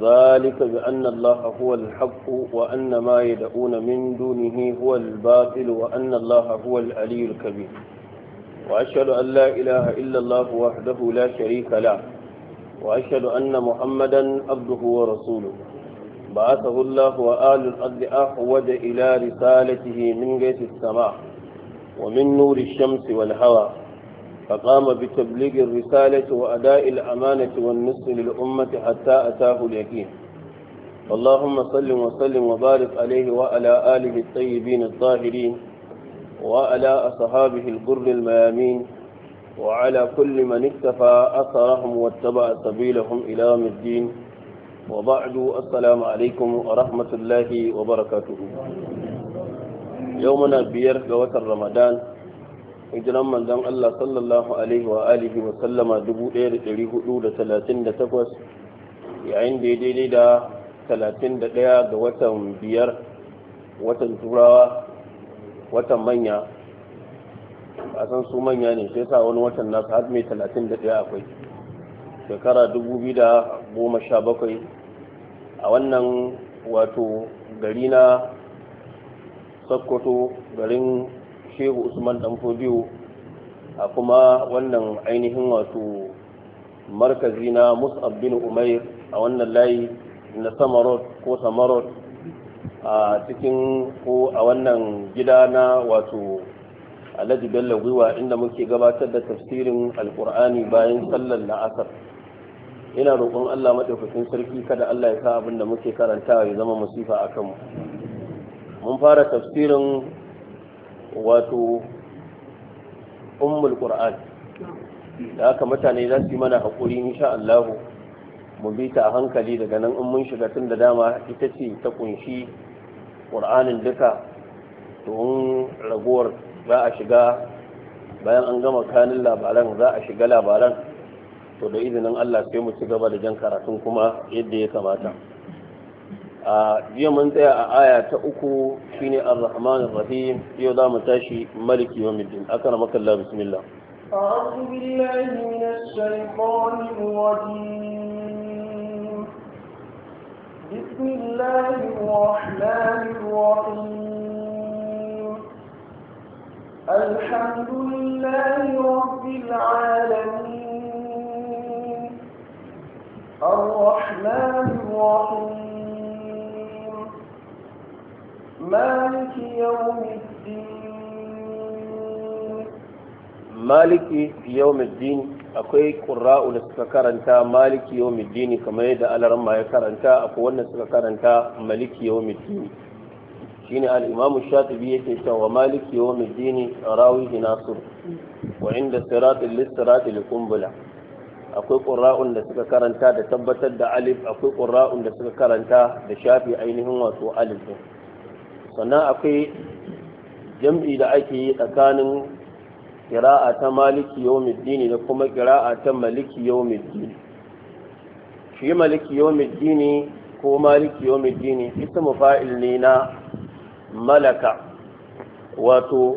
ذلك بأن الله هو الحق وأن ما يدعون من دونه هو الباطل وأن الله هو العلي الكبير وأشهد أن لا إله إلا الله وحده لا شريك له وأشهد أن محمدا عبده ورسوله بعثه الله وآل الأرض أحود إلى رسالته من جيش السماء ومن نور الشمس والهواء فقام بتبليغ الرسالة وأداء الأمانة والنصر للأمة حتى أتاه اليقين اللهم صل وسلم وبارك عليه وعلى آله الطيبين الطاهرين وعلى أصحابه الغر الميامين وعلى كل من اكتفى أثرهم واتبع سبيلهم إلى يوم الدين وبعد السلام عليكم ورحمة الله وبركاته يومنا بيرك وتر رمضان hijiran manzon Allah sallallahu alaihi wa alihi wa sallama 1438 yayin da ya daidai da 31 ga watan biyar watan turawa watan manya a san su manya ne sai sa wani watan nasu har mai 31 akwai shekara 2017 a wannan wato gari na sokoto garin shehu usman dan fodiyo a kuma wannan ainihin wato markazi na mus'ab bin umair a wannan layi na samarot ko samarot a cikin ko a wannan gida na wato alhaji bello gwiwa inda muke gabatar da tafsirin alkur'ani bayan sallar la'asar ina roƙon allah maɗaukakin sarki kada allah ya sa abin da muke karantawa ya zama musifa a kanmu mun fara tafsirin wato ummul qur'an da haka mutane za su yi mana hakuri insha Allah mu bi ta a hankali daga nan in mun shiga tun da dama ita ce ta kunshi qur'anin duka to in ragowar za a shiga bayan an gama kanin labaran za a shiga labaran to da izinin Allah sai mu ci gaba da jan karatun kuma yadda ya kamata. jiya mun tsaya a aya ta uku shine ar-rahman ar-rahim yau za mu tashi maliki yawmiddin akana makalla bismillah أعوذ بالله من الشيطان الرجيم بسم الله الرحمن الرحيم الحمد لله رب العالمين الرحمن الرحيم مالك يوم الدين مالك يوم الدين akwai ƙura'u da suka karanta maliki yau din kamar yadda alarma ya karanta akwai wanda suka karanta maliki yau middini shine al-imamu shatibi yake cewa maliki yau ad-din rawihi Nasiru. wa inda siratil listiratil qumbula akwai ƙura'un da suka karanta da tabbatar da alif akwai ƙura'un da suka karanta da shafi ainihin wato alif din sannan akwai jam'i da ake yi tsakanin kira'a ta maliki yawmiddini da kuma kira'a ta maliki yawmiddini shi maliki yau yawmiddini ko maliki yau yawmiddini ismu fa'il ne na malaka wato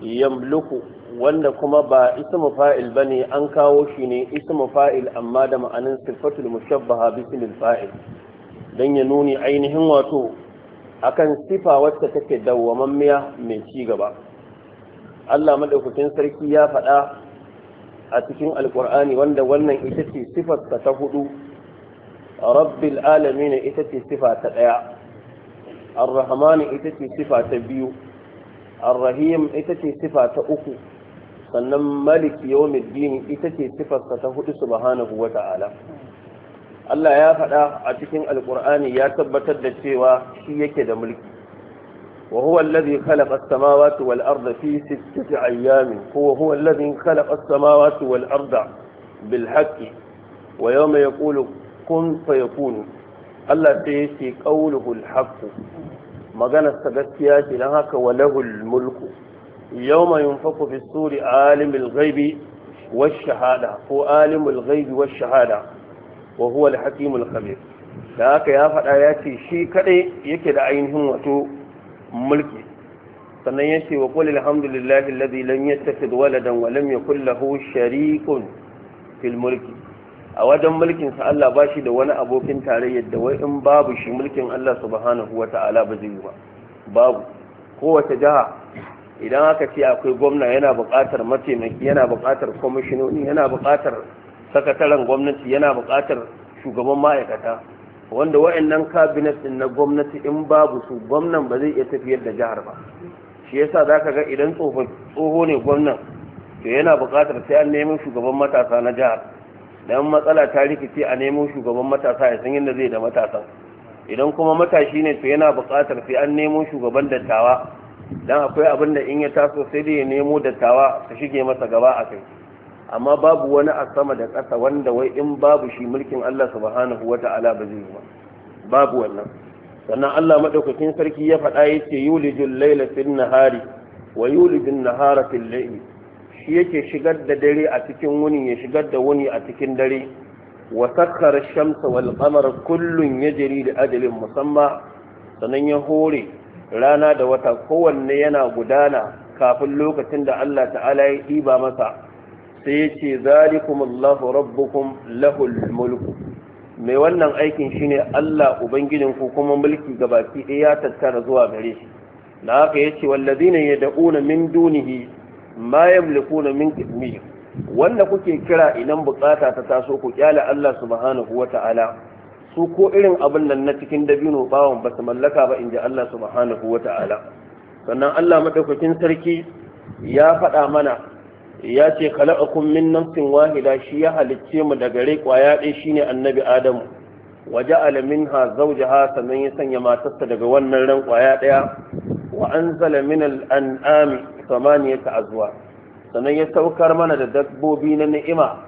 yamluku wanda kuma ba ismu fa'il ne, an kawo shi ne ismu fa'il amma da ma'anin sifatul mushabbaha bismil fa'il Don ya nuni ainihin wato akan sifa wacce take dawwamammiya mai ci gaba Allah madaukakin sarki ya faɗa a cikin alkur'ani wanda wannan ita ce sifarsa ta hudu rabbil alamin ita ce sifa ta ɗaya ar-rahman ita ce sifa ta biyu ar-rahim ita ce sifa ta uku sannan malik yawmiddin ita ce sifarsa ta hudu subhanahu wata'ala Allah ya faɗa a cikin alƙur'ani ya tabbatar da cewa shi yake da mulki wa huwa allazi khalaqa as-samawati wal arda fi sittati ayyamin huwa huwa allazi khalaqa as-samawati wal arda bil haqqi wa yawma yaqulu kun fayakun Allah sai yake qawluhu al haqq maganar sa gaskiya ce dan haka wa lahul mulku yawma yunfaku fi suri alimul ghaibi wash shahada ko alimul ghaibi wash shahada wa huwa al-hakimul da haka ya faɗa ya ce shi kaɗai yake da ainihin wato mulki sannan ya ce wa qul alhamdulillahi alladhi lam yattakhid waladan wa lam yakul lahu sharikun fil mulki a wajen mulkin sa Allah ba shi da wani abokin tarayya da wai in babu shi mulkin Allah subhanahu ta'ala ba zai ba babu kowace jiha idan aka ce akwai gwamna yana buƙatar mataimaki yana buƙatar kwamishinoni yana buƙatar sakataren gwamnati yana buƙatar shugaban ma'aikata wanda wa'annan cabinet din na gwamnati in babu su gwamnan ba zai iya tafiyar da jihar ba shi yasa ka ga idan tsoho ne gwamnan to yana buƙatar sai an nemi shugaban matasa na jihar dan matsala ta rikice a nemo shugaban matasa ya san yadda zai da matasan idan kuma matashi ne to yana buƙatar sai an nemo shugaban dattawa dan akwai abin da in ya taso sai da ya nemo dattawa su shige masa gaba a kai amma babu wani a sama da ƙasa wanda wai in babu shi mulkin Allah subhanahu wa ta'ala ba zai ba babu wannan sannan Allah madaukakin sarki ya faɗa yace yulijul layla fil nahari wa yulijun nahara fil layli shi yake shigar da dare a cikin wuni ya shigar da wuni a cikin dare wa sakkara shamsa wal qamara kullun yajri li ajalin musamma sanan ya hore rana da wata kowanne yana gudana kafin lokacin da Allah ta'ala ya diba masa sai ya ce zalikumullahu rabbukum lahul mulku mai wannan aikin shine Allah ubangijin ku kuma mulki gabaki ɗaya ya tattara zuwa gare shi na haka ya ce wallazina yad'una min dunihi ma yamlikuna min qitmir wanda kuke kira idan bukata ta taso ku kyale Allah subhanahu wata'ala su ko irin abin nan na cikin dabino bawan ba su mallaka ba inji Allah subhanahu wata'ala sannan Allah madaukakin sarki ya faɗa mana ya ce khala'akum min nafsin wahida shi ya halicce mu daga rai kwaya ɗaya shine annabi adamu wa ja'ala minha zawjaha sannan ya sanya matarsa daga wannan ran kwaya ɗaya wa anzala min al-an'ami thamaniyata azwa sannan ya saukar mana da dabbobi na ni'ima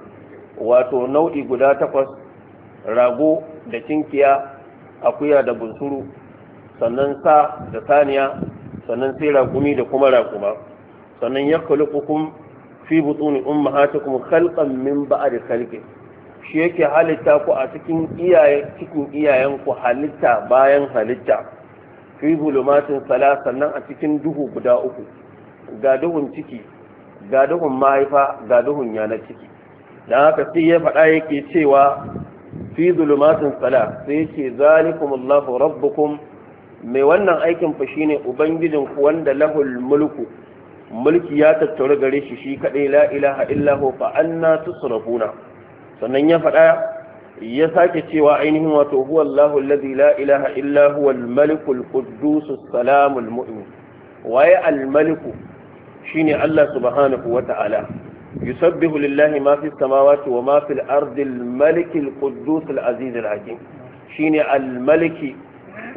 wato nau'i guda takwas rago da cinkiya akuya da bunsuru sannan sa da saniya sannan sai raƙumi da kuma raƙuma sannan ya kulukukum fi butuni ummahatikum khalqan min ba'di khalqi shi yake halitta ku a cikin iyaye cikin iyayen ku halitta bayan halitta fi bulumatin sala sannan a cikin duhu guda uku ga duhun ciki ga duhun mahaifa ga duhun yanar ciki dan haka sai ya faɗa yake cewa fi zulumatin sala sai yake zalikumullahu rabbukum mai wannan aikin fa shine ku wanda lahul mulku mulki ya tattaura gare shi shi kaɗai la ilaha illa fa anna tusrafuna sannan ya faɗa ya sake cewa ainihin wato huwa Allahu allazi la ilaha illa huwa al-maliku al waye al-maliku shine Allah subhanahu wa ta'ala yusabbihu lillahi ma fi samawati wa ma fi al-ardi al-malik al-quddus al-aziz al-hakim shine al-maliki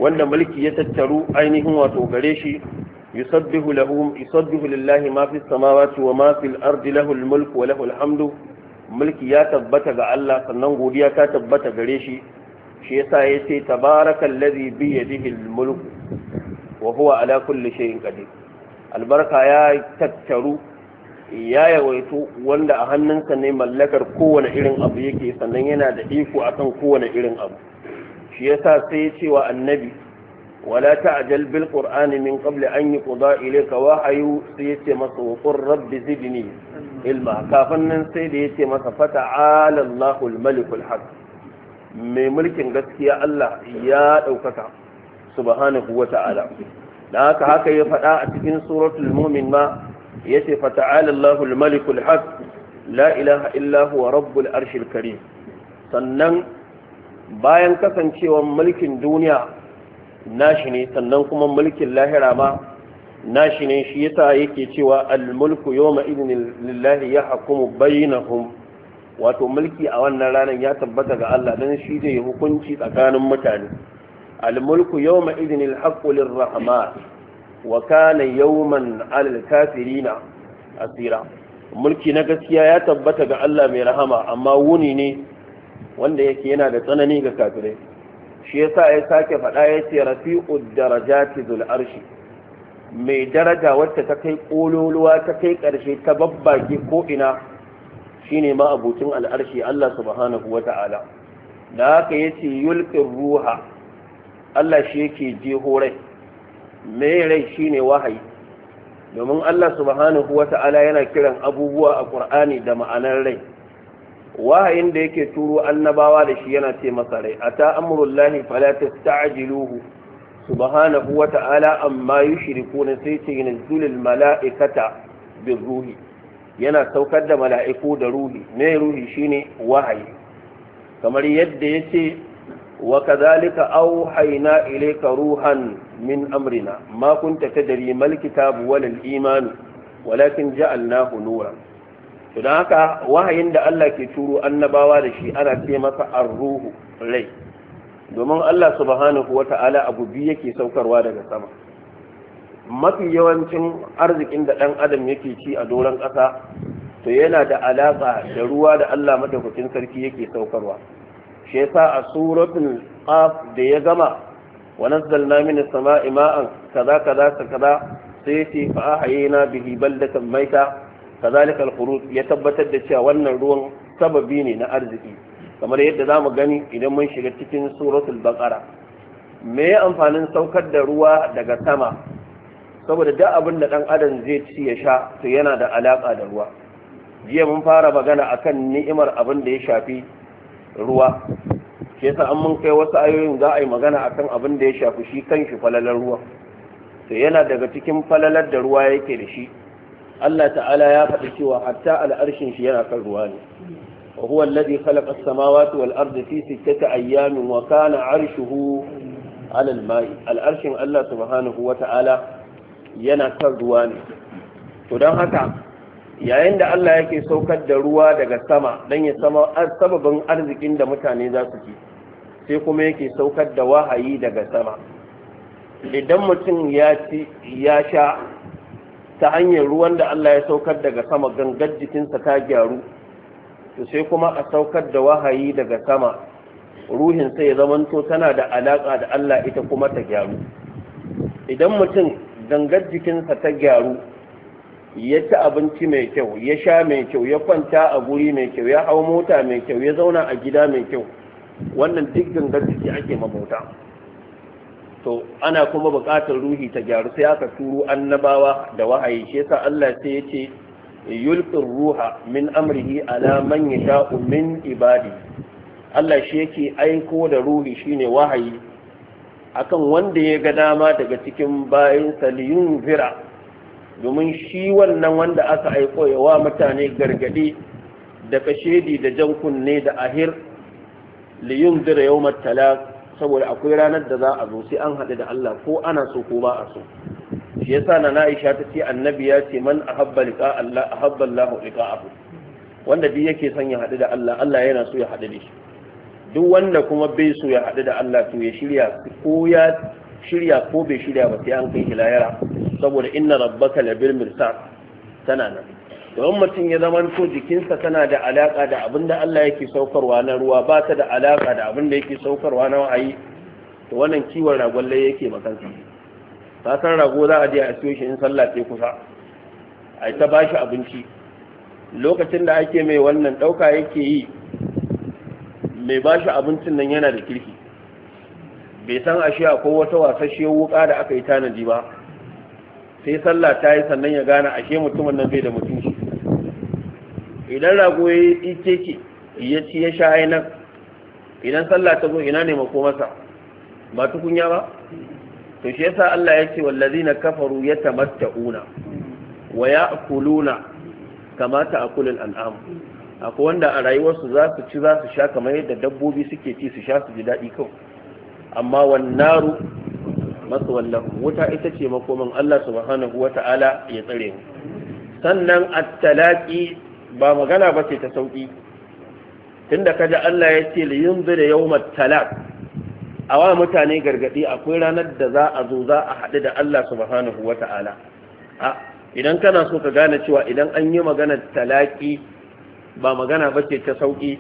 wanda mulki ya tattaru ainihin wato gare shi يسبح له يسبح لله ما في السماوات وما في الأرض له mulki ya tabbata ga Allah sannan godiya ta tabbata gare shi shi yasa ya ce tabarakal ladhi bi yadihi al-mulk wa huwa ala kulli shay'in qadir albarka ya tattaru ya yawaito wanda a hannunsa ne mallakar kowane irin abu yake sannan yana da iko akan kowane irin abu shi yasa sai ya annabi ولا تعجل بالقرآن من قبل أن يقضى إليك وحي سيتي وقل رب زدني علما كافن سيدي مسا فتعالى الله الملك الحق mai mulkin gaskiya Allah ya ɗaukaka subhanahu wa ta'ala da haka haka ya faɗa a cikin suratul mumin ma ya ce fata'ala Allahul malikul la ilaha illa huwa rabbul arshil karim sannan bayan kasancewan mulkin duniya nashi ne sannan kuma mulkin lahira ma nashi ne shi yasa yake cewa al-mulku yawma idin lillahi yahkumu bainahum wato mulki a wannan ranar ya tabbata ga Allah dan shi zai yi hukunci tsakanin mutane al-mulku yawma idin al-haqqu lir-rahman wa kana yawman 'alal kafirina asira mulki na gaskiya ya tabbata ga Allah mai rahama amma wuni ne wanda yake yana da tsanani ga kafirai shi yasa ya sake faɗa ya ce rafi'ud darajati zul arshi mai daraja wacce ta kai kololuwa ta kai ƙarshe ta babbage ko ina shine ma abucin al'arshi Allah subhanahu wata'ala da haka yace yulqir ruha Allah shi yake jeho rai mai rai shine wahayi domin Allah subhanahu wata'ala yana kiran abubuwa a Qur'ani da ma'anar rai wahayin da yake turo annabawa da shi yana ce masa rai ata amrullahi fala tasta'jiluhu subhanahu wa ta'ala amma yushrikuna sai ce yanzulul mala'ikata bir ruhi yana saukar da mala'iku da ruhi mai ruhi shine wahayi kamar yadda yace wa kadhalika awhayna ilayka ruhan min amrina ma kunta tadri mal kitab wal imanu walakin ja'alnahu nuran to haka wahayin da Allah ke turo annabawa da shi ana ce masa ar-ruhu rai domin Allah subhanahu Ta'ala abu biyu yake saukarwa daga sama mafi yawancin arzikin da ɗan adam yake ci a doron ƙasa to yana da alaƙa da ruwa da Allah madaukakin sarki yake saukarwa shi yasa a suratul qaf da ya gama wa nazzalna min as-sama'i ma'an kaza kaza kaza sai ce fa ahayna bihi baldatan maita kazalika al-khuruj ya tabbatar da cewa wannan ruwan sababi ne na arziki kamar yadda zamu gani idan mun shiga cikin suratul baqara me ya amfanin saukar da ruwa daga sama saboda duk abin da dan adam zai ci ya sha to yana da alaka da ruwa jiya mun fara magana akan ni'imar abin da ya shafi ruwa shi yasa an mun kai wasu ayoyin za a yi magana akan abin da ya shafi shi kanshi falalar ruwa to yana daga cikin falalar da ruwa yake da shi Allah ta'ala ya faɗi cewa hatta al'arshin shi yana kan ruwa ne wa huwa alladhi khalaqa as-samawati wal arda fi sittati ayyamin wa kana 'arshuhu 'ala al-ma'i al'arshin Allah subhanahu wa ta'ala yana kan ruwa ne to dan haka yayin da Allah yake saukar da ruwa daga sama dan ya sama sababin arzikin da mutane za su ci sai kuma yake saukar da wahayi daga sama idan mutum ya ci ya sha ta hanyar ruwan da Allah ya saukar daga sama gangar jikinsa ta gyaru to sai kuma a saukar da wahayi daga sama ruhinsa ya zamanto tana da alaƙa da Allah ita kuma ta gyaru idan mutum gangar jikinsa ta gyaru ya ci abinci mai kyau ya sha mai kyau ya kwanta a guri mai kyau ya hau mota mai kyau ya zauna a gida mai kyau wannan duk gangar jiki ake mabauta to ana kuma buƙatar ruhi ta gyaru sai aka turo annabawa da wahayi shi yasa Allah sai ya ce yulqir ruha min amrihi ala man yasha'u min ibadi Allah shi yake aiko da ruhi shine wahayi akan wanda ya ga dama daga cikin bayin saliyun zira domin shi wannan wanda aka aiko ya wa mutane gargadi da kashedi da jan kunne da ahir liyun zira yawmat talaq saboda akwai ranar da za a zo sai an haɗu da Allah ko ana so ko ba a so shi yasa na Aisha ta ce annabi ya ce man ahabba liqa Allah ahabba Allah liqa'ahu wanda duk yake son ya haɗu da Allah Allah yana so ya haɗu da shi duk wanda kuma bai so ya haɗu da Allah to ya shirya ko ya shirya ko bai shirya ba sai an kai hilayara saboda inna rabbaka labil mirsad tana nan don mutum ya zama to jikinsa tana da alaka da abin da Allah yake saukarwa na ruwa ba ta da alaka da abin da yake saukarwa na wa'ayi to wannan kiwon ragon lai yake makansa ta san rago za a je a siyo shi in sallah ce kusa a ta shi abinci lokacin da ake mai wannan ɗauka yake yi mai ba shi abincin nan yana da kirki bai san ashe akwai wata wasashe wuka da aka yi tanadi ba sai sallah ta yi sannan ya gane ashe mutumin nan bai da mutunci idan rago ya yi ya ci ya sha nan idan sallah ta zo ina ne masa ba tukunya ba to shi yasa Allah ya ce wallazina kafaru yatamatta'una wa ya'kuluna kama ta'kulul an'am akwai wanda a rayuwarsu za su ci za su sha kamar yadda dabbobi suke ci su sha su ji daɗi kawai amma wannaru masu wallahu wuta ita ce makomin Allah subhanahu wata'ala ya tsare mu sannan at-talaqi ba magana ba ce ta sauki tunda kaji Allah ya ce liyun zira yau talaq a wa mutane gargaɗi akwai ranar da za a zo za a haɗu da Allah subhanahu ta'ala. a idan kana so ka gane cewa idan an yi magana talaki ba magana ba ce ta sauki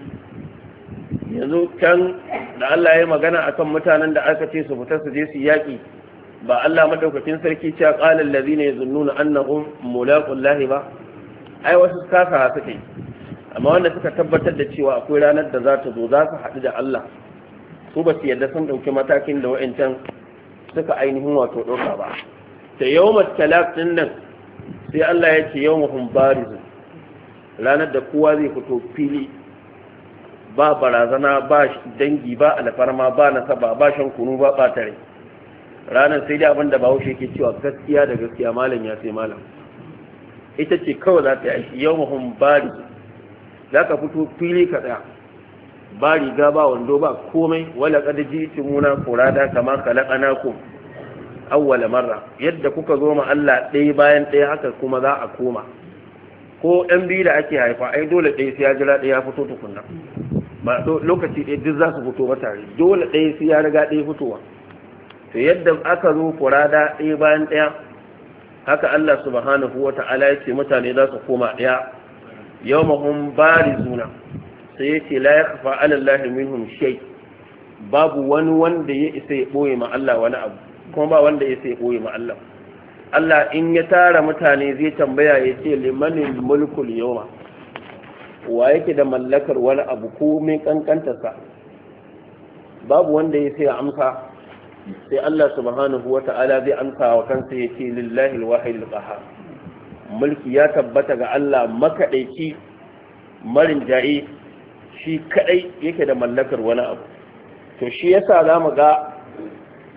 yanzu can da Allah ya magana a kan mutanen da aka ce su fita su je su yaƙi ba Allah madaukakin sarki cewa lazi ne zunnuna annahum mulaqu ba ai wasu kasa suka amma wanda suka tabbatar da cewa akwai ranar da za ta zo za su haɗu da Allah su ba su yadda sun ɗauki matakin da wa'ancan suka ainihin wato ɗauka ba ta yau matalaf ɗin nan sai Allah ya ce yau mahun ranar da kowa zai fito fili ba barazana ba dangi ba alfarma ba nasaba ba shan kunu ba ɓatare ranar sai dai abin da ba haushe ke cewa gaskiya da gaskiya malam ya sai malam ita ce kawai za ta yi aiki yau mahun bari za ka fito fili kaɗa Bari ga ba wando ba komai wala kada ji muna kurada kama kalakana ku awwala marra yadda kuka zo ma Allah ɗaya bayan ɗaya haka kuma za a koma ko ɗan biyu da ake haifa ai dole ɗaya sai ya jira ɗaya ya fito tukunna ba lokaci ɗaya duk za su fito ba tare dole ɗaya sai ya riga ɗaya fitowa to yadda aka zo kurada ɗaya bayan ɗaya haka Allah subhanahu wa ta'ala ya ce mutane za su koma ɗaya yau mahun bari zuna sai ya ce la ya kafa alallahi minhum shai babu wani wanda ya isa ya ɓoye ma Allah wani abu kuma ba wanda ya isa ya ɓoye ma Allah Allah in ya tara mutane zai tambaya ya ce limanin mulkul yawma wa yake da mallakar wani abu ko mai kankantarsa babu wanda ya sai amsa sai Allah subhanahu wata'ala zai amsa wa kansa ya ce lillahi alwahid qahhar mulki ya tabbata ga Allah makadaici marin ja'i shi kadai yake da mallakar wani abu to shi yasa zamu ga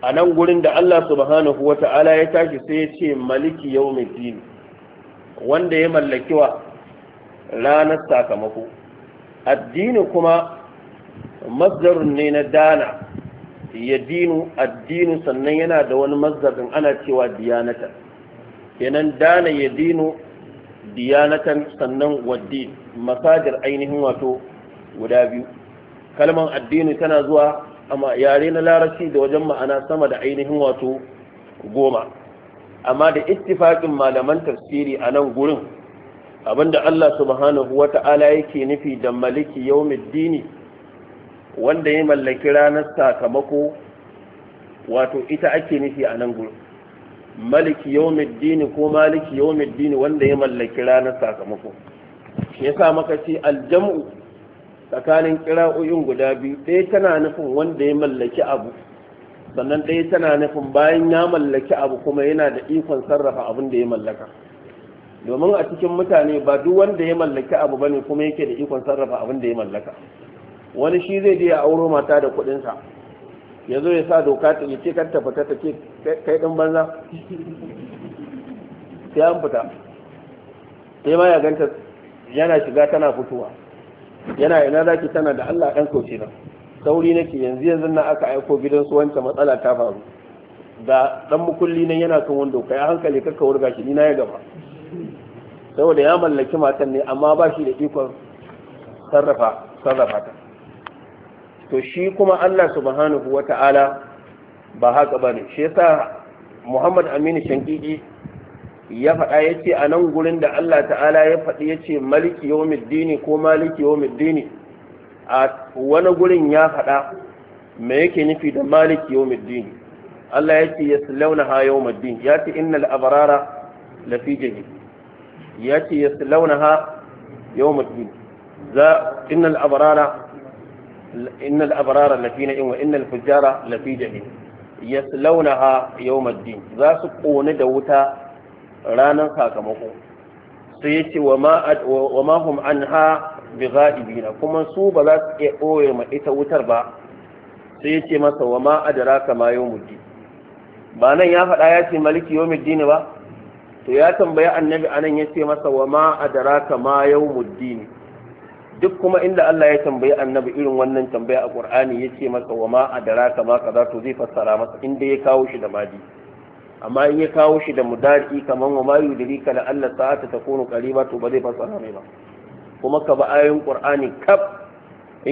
a nan gurin da Allah subhanahu wata'ala ya tashi sai ya ce maliki yawmiddin wanda ya mallaki wa ranar sakamako addini kuma masdarun ne na dana ya dinu addinu sannan yana da wani mazzabin ana cewa diyanatan kenan dana ya dinu diyanatan sannan waddi masajir ainihin wato guda biyu kalman addini tana zuwa amma yare na larabci da wajen ma'ana sama da ainihin wato goma amma da ittifaqin malaman tafsiri a nan gurin abinda Allah subhanahu wata'ala yake nufi da maliki yawmiddini wanda ya mallaki ranar sakamako wato ita ake nufi a nan gudu maliki yau dini ko maliki yau dini wanda ya mallaki ranar sakamako Ya sa maka ce aljam'u tsakanin kira'o'in guda biyu ɗaya tana nufin wanda ya mallaki abu sannan ɗaya tana nufin bayan ya mallaki abu kuma yana da ikon sarrafa abin da ya mallaka domin a cikin mutane ba duk wanda ya mallaki abu bane kuma yake da ikon sarrafa abin da ya mallaka wani shi zai je ya auro mata da kuɗinsa ya zo ya sa doka ta ce kar ta fita ta ce kai ɗin banza sai an fita sai ma ya ganta yana shiga tana fitowa yana ina zaki tana da Allah ɗan kauce nan sauri nake yanzu yanzu na aka aiko gidan su wancan matsala ta faru da dan mukulli nan yana kan wando kai hankali kakka wurga shi ni na ya gaba saboda ya mallaki matan ne amma ba shi da ikon sarrafa sarrafa ta to shi kuma Allah subhanahu wa ta'ala ba haka ba ne shi yasa Muhammad Aminu Shankiki ya faɗa ya ce a nan gurin da Allah ta'ala ya faɗi ya ce maliki yawmiddini ko maliki yawmiddini a wani gurin ya faɗa me yake nufi da maliki yawmiddini Allah ya ce yaslaunaha yawmiddin ya ce innal abrara lafi jahim ya ce ha yaslaunaha yawmiddin za innal abrara innal abrara lafi na'im wa innal fujjara lafi jahim yaslawnaha yawmaddin za su kone da wuta ranar sakamako sai yace wa ma wa ma hum anha kuma su ba za su iya ɓoye ma ita wutar ba sai yace masa wa ma adraka ma yawmuddin ba nan ya faɗa ya ce maliki yawmuddin ba to ya tambayi annabi anan yace masa wa ma ma duk kuma inda Allah ya tambayi annabi irin wannan tambaya a Qur'ani ce masa wa ma ka ma kaza to zai fassara masa inda ya kawo shi da madi amma in ya kawo shi da mudari kaman wa ma yudrika la alla sa'ata takunu qariba to ba zai fassara mai ba kuma ka ba ayoyin Qur'ani kaf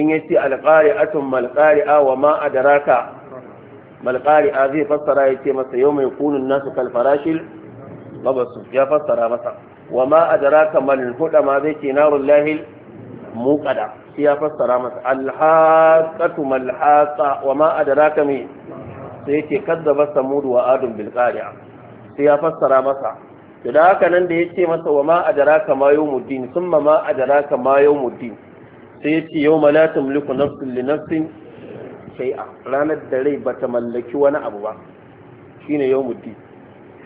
in ya yace alqari'atun malqari'a wa ma adraka malqari'a zai fassara ya ce masa yawma yakunu an-nasu kal farashil mabasu ya fassara masa wa ma adraka mal hudama zai ce narul lahil muƙada shi ya fassara masa alhaqatu malhaqa wa ma adraka me sai yake kazzaba samud wa adun bil qari'a sai ya fassara masa to da haka nan da yace masa wa ma adraka ma yawmuddin summa ma adraka ma yawmuddin sai yace yawma la tamliku nafsun li nafsin shay'a ranar da rai bata mallaki wani abu ba shine yawmuddin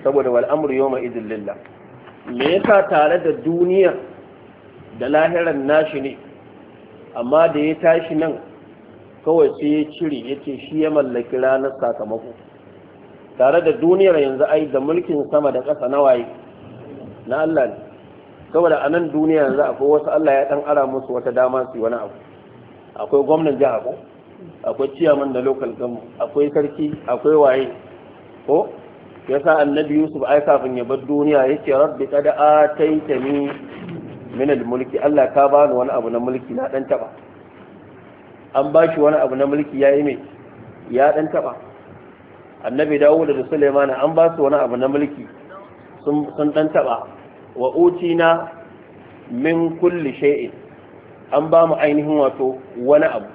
saboda wal amru yawma idin lillah me yasa tare da duniyar da lahiran nashi ne amma da ya tashi nan kawai sai ya cire ya ce shi ya mallaki ranar sakamako tare da duniyar yanzu ai da mulkin sama da ƙasa na waye na Allah ne saboda anan duniya yanzu akwai wasu Allah ya dan ara musu wata dama su wani abu akwai gwamnan jiha ko akwai ciyaman da local government akwai sarki akwai waye ko yasa annabi Yusuf ai kafin ya bar duniya yake rabbi kada ataitani min mulki Allah ka bani wani abu na mulki na dan taba an ba shi wani abu na mulki yayi mai ya dan taba annabi Dawud da Sulaiman an ba su wani abu na mulki sun sun dan taba wa utina min kulli shay'in an ba mu ainihin wato wani abu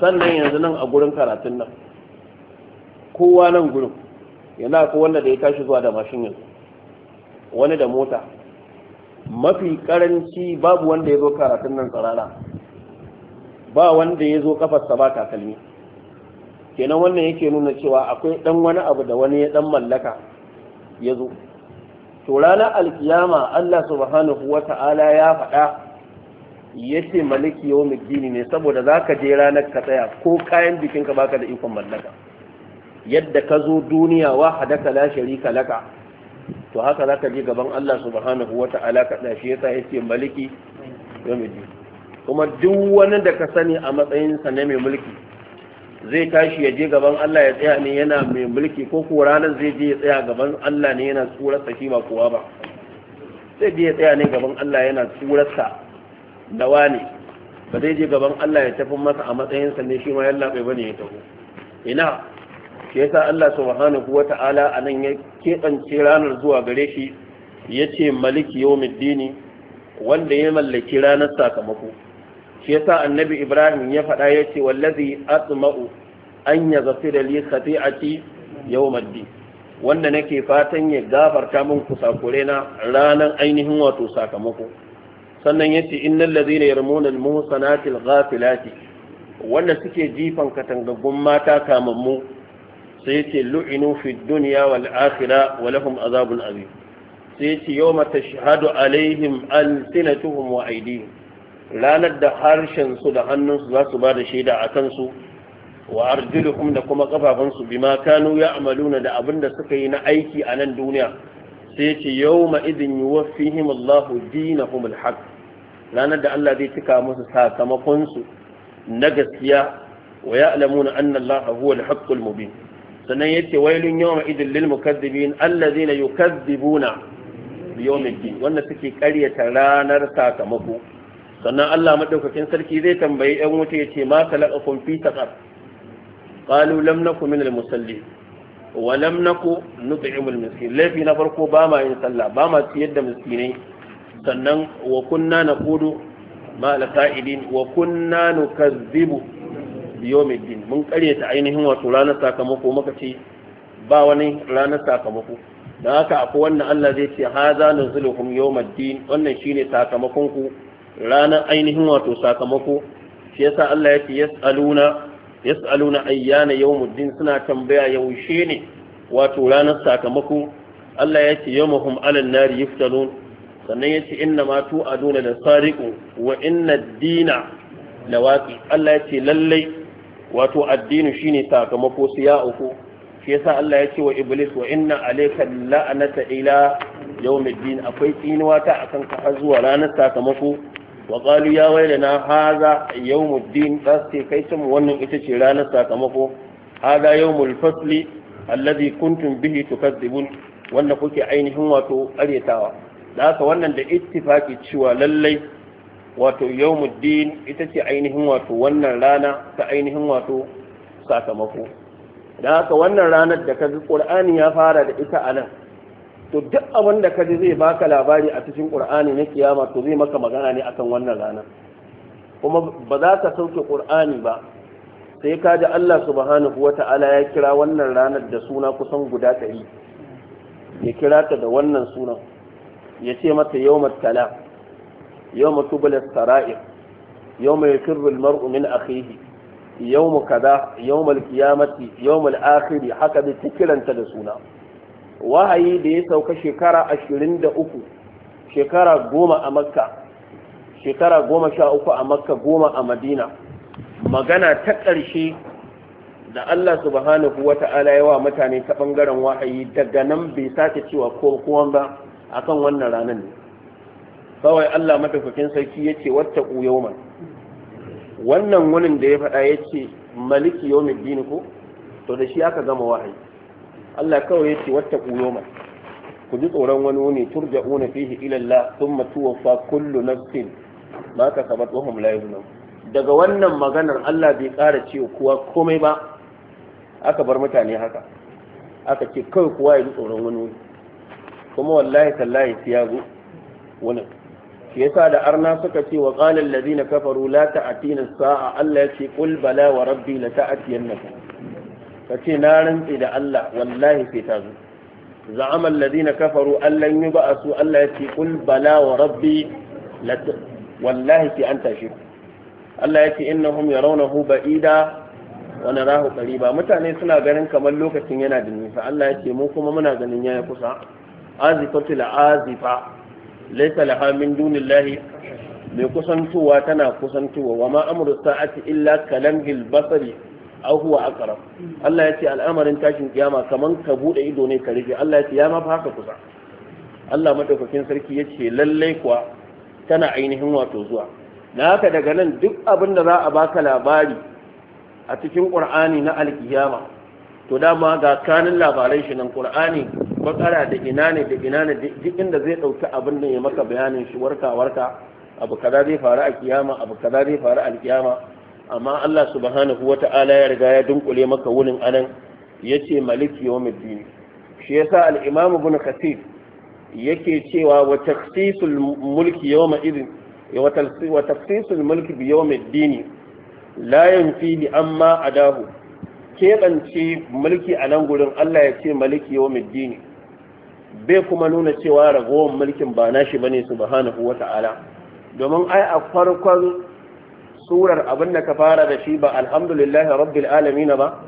sannan yanzu nan a gurin karatun nan kowa nan gurin yana ko wanda da ya tashi zuwa da mashin yanzu wani da mota mafi karanci babu wanda ya zo karatun nan tsarara ba wanda ya zo kafarsa ba takalmi kenan wannan yake nuna cewa akwai dan wani abu da wani ya dan mallaka ya zo to ranar alkiyama Allah subhanahu wa ta'ala ya faɗa ya ce maliki yau gini ne saboda za ka je ranar ka tsaya ko kayan bikinka baka da ikon mallaka yadda ka zo duniya wa hadaka la sharika laka to haka za ka je gaban Allah subhanahu wa ta'ala ka shi ya yace maliki miji kuma duk wani da ka sani a matsayin sa na mai mulki zai tashi ya je gaban Allah ya tsaya ne yana mai mulki ko ko ranar zai je ya tsaya gaban Allah ne yana tsurar sa shi ba kowa ba zai je ya tsaya ne gaban Allah yana tsurar sa dawa ne ba zai je gaban Allah ya tafi masa a matsayin sa ne shi ma yalla bai bane ya tafi ina shi yasa Allah subhanahu wata'ala a nan ya keɓance ranar zuwa gare shi ya ce maliki yawmiddini wanda ya mallaki ranar sakamako shi yasa annabi Ibrahim ya faɗa ya ce wallazi asma'u an yaghfira li khati'ati yawmiddin wanda nake fatan ya gafarta min kusakure na ranar ainihin wato sakamako sannan yace innal ladhina yarmuna al ghafilati wanda suke jifan katangaggun mata kamammu sai ce lu'inu fi duniya wal akhirah wa lahum azabun azim sai yace yawma tashhadu alaihim alsinatuhum wa aydihim ranar da harshen su da hannunsu za su ba shaida a kansu wa arjuluhum da kuma kafafansu bima kanu ya'maluna da abinda suka yi na aiki a nan duniya sai ce yawma idin yuwaffihim Allahu dinahum alhaq ranar da Allah zai cika musu sakamakon su na gaskiya wa ya'lamuna na Allah huwa alhaqqul mubin sannan ya ce, wailun yawma idil lil mukazzibin allazina yukazzibuna bi yawmiddin wanda suke karyata ranar sakamako sannan Allah madaukakin sarki zai tambayi 'yan wuta ya ce, ma khalaqakum fi saqar qalu lam naku min al musallin wa lam naku nut'imu al miskin laifi na farko ba ma yin sallah ba ma ciyar da miskinai sannan wa kunna na naqudu ma al wa kunna nukazzibu biyawmiddin mun karyata ainihin wato ranar sakamako maka ce ba wani ranar sakamako da haka akwai wannan Allah zai ce haza nuzulukum yawmiddin wannan shine sakamakon ku ranar ainihin wato sakamako shi yasa Allah ya ce yas'aluna yas'aluna ayyana yawmuddin suna tambaya yaushe ne wato ranar sakamako Allah ya ce yawmuhum alan nari yuftalun sannan ya ce inna ma aduna da sariqu wa inna ad-dina lawaqi Allah ya ce lallai wato addinu shine sakamako ya uku shi yasa Allah ya ce wa iblis wa inna alayka la'anata ila yawmiddin akwai tsinuwa ta akan ka har zuwa ranar sakamako wa qalu ya wailana hadha yawmuddin sai kai wannan ita ce ranar sakamako hadha yawmul fasli alladhi kuntum bihi tukadzibun wanda kuke ainihin wato karyatawa da haka wannan da ittifaki cewa lallai wato yawmuddin ita ce ainihin wato wannan rana ta ainihin wato sakamako da haka wannan ranar da kaji qur'ani ya fara da ita a nan to duk abin da kaji zai baka labari a cikin ƙur'ani na kiyama to zai maka magana ne akan wannan rana kuma ba za ka sauke ƙur'ani ba sai ka ji Allah subhanahu wata'ala ya kira wannan ranar da suna kusan guda ɗari ya kira ta da wannan sunan ya ce mata yawmat talaq yawma tubla sara'ir yawma yakirru al-mar'u min yau yawma kaza yawma al-qiyamati yawma al-akhir haka da tikiranta da suna wahayi da ya sauka shekara 23 shekara goma a makka shekara goma sha uku a makka goma a madina magana ta ƙarshe da Allah subhanahu wa ta'ala yawa mutane ta ɓangaren wahayi daga nan bai sake cewa ko kowan ba akan wannan ranar ne kawai Allah madaukakin sarki ya ce wata yawman wannan wunin da ya faɗa ya ce, maliki dini ko to da shi aka gama wahayi Allah kawai ya ce wata yawman ku ji tsoron wani wuni fi, fihi ila sun thumma tuwaffa kullu nafsin ba ka saba tsohon la yuzlamun daga wannan maganar Allah bai ƙara cewa kuwa komai ba aka bar mutane haka aka ce kawai kuwa ya ji tsoron wani wuni kuma wallahi tallahi sai ya zo wani shi yasa da arna suka ce wa qala ladina kafaru la ta'tina sa'a Allah ya ce qul bala wa rabbi la ta'tiyannakum kace na rantsi da Allah wallahi sai ta zo za'ama allazina kafaru allan yub'asu Allah ya ce qul bala wa rabbi la wallahi sai an tashi Allah ya ce innahum yarawnahu ba'ida wa narahu qariba mutane suna ganin kamar lokacin yana da nisa Allah ya ce mu kuma muna ganin yayi kusa azifatul azifa laysa laha min dunillahi mai kusantowa tana kusantowa wa ma amru sa'ati illa kalangil basari aw huwa aqrab Allah ya ce al'amarin tashin kiyama kaman ka bude ido ne ka rufe Allah ya ce ya ma fa haka kusa Allah madaukakin sarki ya ce lallai kuwa tana ainihin wato zuwa na haka daga nan duk abin da za a baka labari a cikin ƙur'ani na alkiyama to dama ga kanin labaran shi nan qur'ani bakara da ina ne da ina ne duk inda zai dauki abin da ya maka bayanin shi warka warka abu kaza zai faru a kiyama abu kaza zai faru a kiyama amma Allah subhanahu wata'ala ya riga ya dunkule maka wurin anan yace malik yawmiddin shi yasa al-imam ibn kathir yake cewa wa takhsisul mulki yawma idin wa takhsisul mulki bi yawmiddin la yanfi li amma adahu keɓance mulki a nan gurin Allah ya ce maliki wa middini bai kuma nuna cewa ragowar mulkin ba nashi ba ne subhanahu wa ta'ala domin ai a farkon surar abin da ka fara da shi ba alhamdulillahi rabbil alamin ba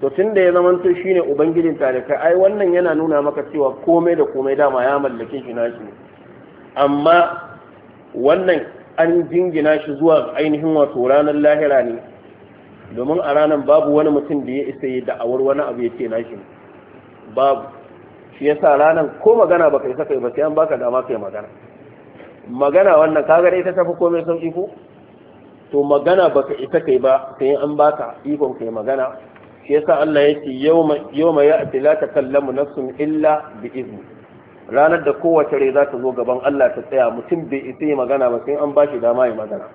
to tun da ya zamanto shine ubangijin talikai ai wannan yana nuna maka cewa komai da komai dama ya mallake shi nashi ne amma wannan an jingina shi zuwa ainihin wato ranar lahira ne domin a ranar babu wani mutum da ya isa yi da'awar wani abu ya ce nashi babu shi ya sa ranar ko magana ba ka isa kai ba sai an baka dama kai magana magana wannan kagar ita tafi komai sauki ko to magana ba ka isa kai ba sai an baka ikon kai magana shi ya sa Allah ya ce yau yawma ya'ti la na sun illa bi izini ranar da kowace rai za ta zo gaban Allah ta tsaya mutum bai isa yi magana ba sai an shi dama ya magana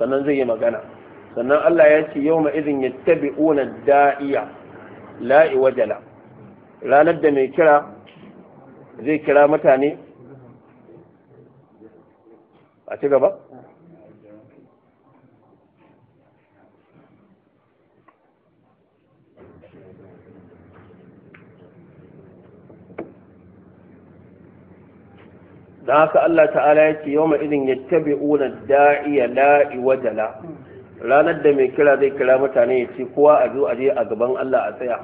sannan zai yi magana sannan Allah ya ce yau ma izin ya tabi una da'iya la'i wajala ranar da mai kira zai kira mutane a ci gaba da haka Allah ta'ala ya ce yau ma izin ya tabi una da'iya la'i wajala ranar da mai kira zai kira mutane ya ce kowa a zo a je a gaban Allah a tsaya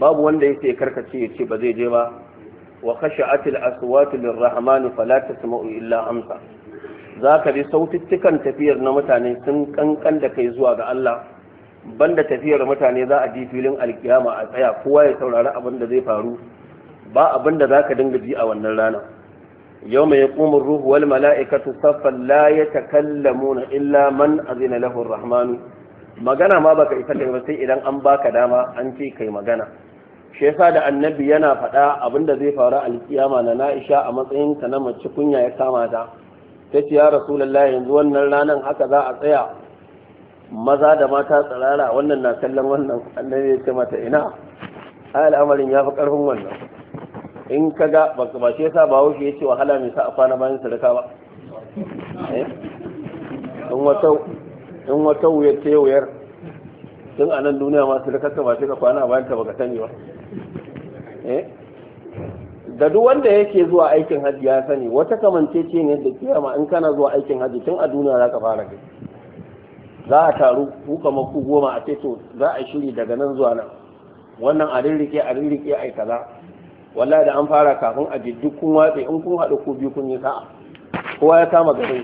babu wanda ya ce karkace ya ce ba zai je ba wa khashi'atil aswatu lirrahmani fala tasma'u illa amsa zaka bi sautittukan tafiyar na mutane sun kankan da kai zuwa ga Allah banda tafiyar mutane za a ji filin alkiyama a tsaya kowa ya saurari abin da zai faru ba abin da zaka dinga ji a wannan rana يوم يقوم الروح والملائكة صفا لا يتكلمون إلا من أذن له الرحمن magana ma baka isa da ba sai idan an baka dama an ce kai magana shi yasa da annabi yana faɗa abinda zai faru alkiyama na Na'isha a matsayin ta na mace kunya ya kama ta tace ya rasulullahi yanzu wannan ranan haka za a tsaya maza da mata tsarara wannan na kallon wannan annabi ya ce mata ina al'amarin ya fi ƙarfin wannan in ka ga ba shi yasa ba wuce ya ce wahala mai sa a kwana bayan sadaka ba eh? in wata wuyar ce wuyar tun a nan duniya ma sadaka ka ba ka kwana bayan ta baka sani ba eh? da duk wanda yake zuwa aikin hajji ya sani wata kamancece ne da kiyama in kana zuwa aikin hajji tun a duniya za ka fara kai za a taru ku kamar ku goma a ce to za a shiri daga nan zuwa nan wannan a rirrike a rirrike a kaza wallahi da an fara kafin a ji duk kun in kun haɗu ko biyu kun yi sa'a kowa ya kama garin